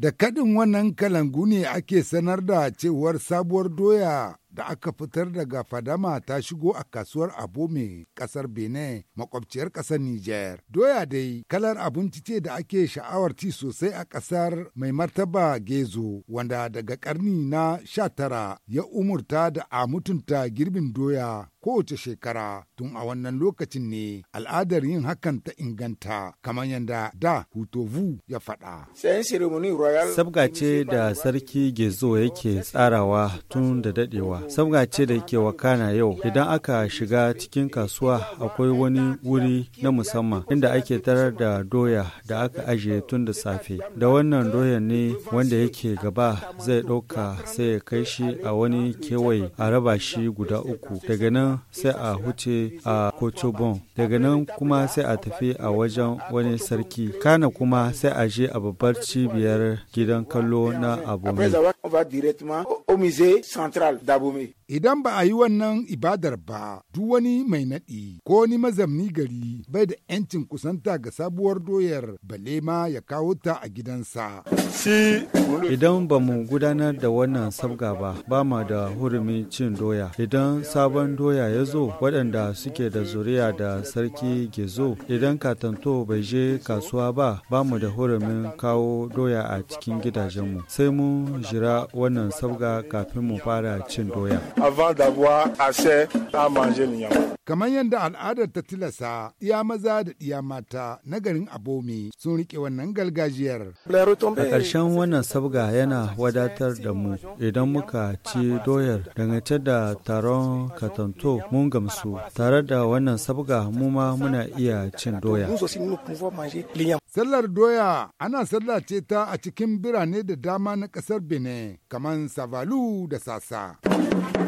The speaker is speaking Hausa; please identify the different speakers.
Speaker 1: Da kaɗin wannan kalangu ne ake sanar da cewar sabuwar doya da aka fitar daga fadama ta shigo a kasuwar abome ƙasar benin makwabciyar ƙasar niger doya dai kalar abinci ce da ake sha'awar ci sosai a ƙasar mai martaba gezo wanda daga ƙarni na 19 ya umurta da a mutunta girbin doya kowace shekara tun a wannan lokacin ne al'adar yin hakan ta inganta kamar yadda da hutovu ya faɗa.
Speaker 2: sabga ce da sarki gezo yake tsarawa tun da dadewa sabga ce da ke wakana yau idan aka shiga cikin kasuwa akwai wani wuri na musamman inda ake tarar da doya da aka ajiye tun da safe da wannan doyan ne wanda yake gaba zai ɗauka sai ya kai shi a wani kewaye a raba shi guda uku daga nan nan sai a huce a kotobon daga nan kuma sai a tafi a wajen wani sarki kana kuma sai a je a babbar cibiyar gidan kallo na abomey
Speaker 1: omise central dabome idan ba a yi wannan ibadar ba duk wani mai naɗi ko wani mazamni gari bai da 'yancin kusanta ga sabuwar doyar bale ma ya kawo ta a gidansa
Speaker 2: idan ba mu gudanar da wannan sabga ba ba ma da hurumin cin doya idan sabon doya ya zo waɗanda suke da zuriya da sarki gezo idan katanto bai je kasuwa ba ba mu da hurumin kawo doya a cikin gidajenmu sai mun jira wannan sabga kafin mu fara cin doya.
Speaker 1: Kamar yadda al'adar ta tilasa, ɗiya maza da ɗiya mata na garin abomi sun riƙe wannan gargajiyar. A
Speaker 2: ƙarshen wannan sabga yana wadatar da mu idan muka ci doyar dangance da taron katanto mun gamsu tare da wannan sabga mu ma muna iya cin doya. Sallar doya ana sallar ce ta a cikin birane da dama na ƙasar
Speaker 1: Benin kamar Savalu da Sasa.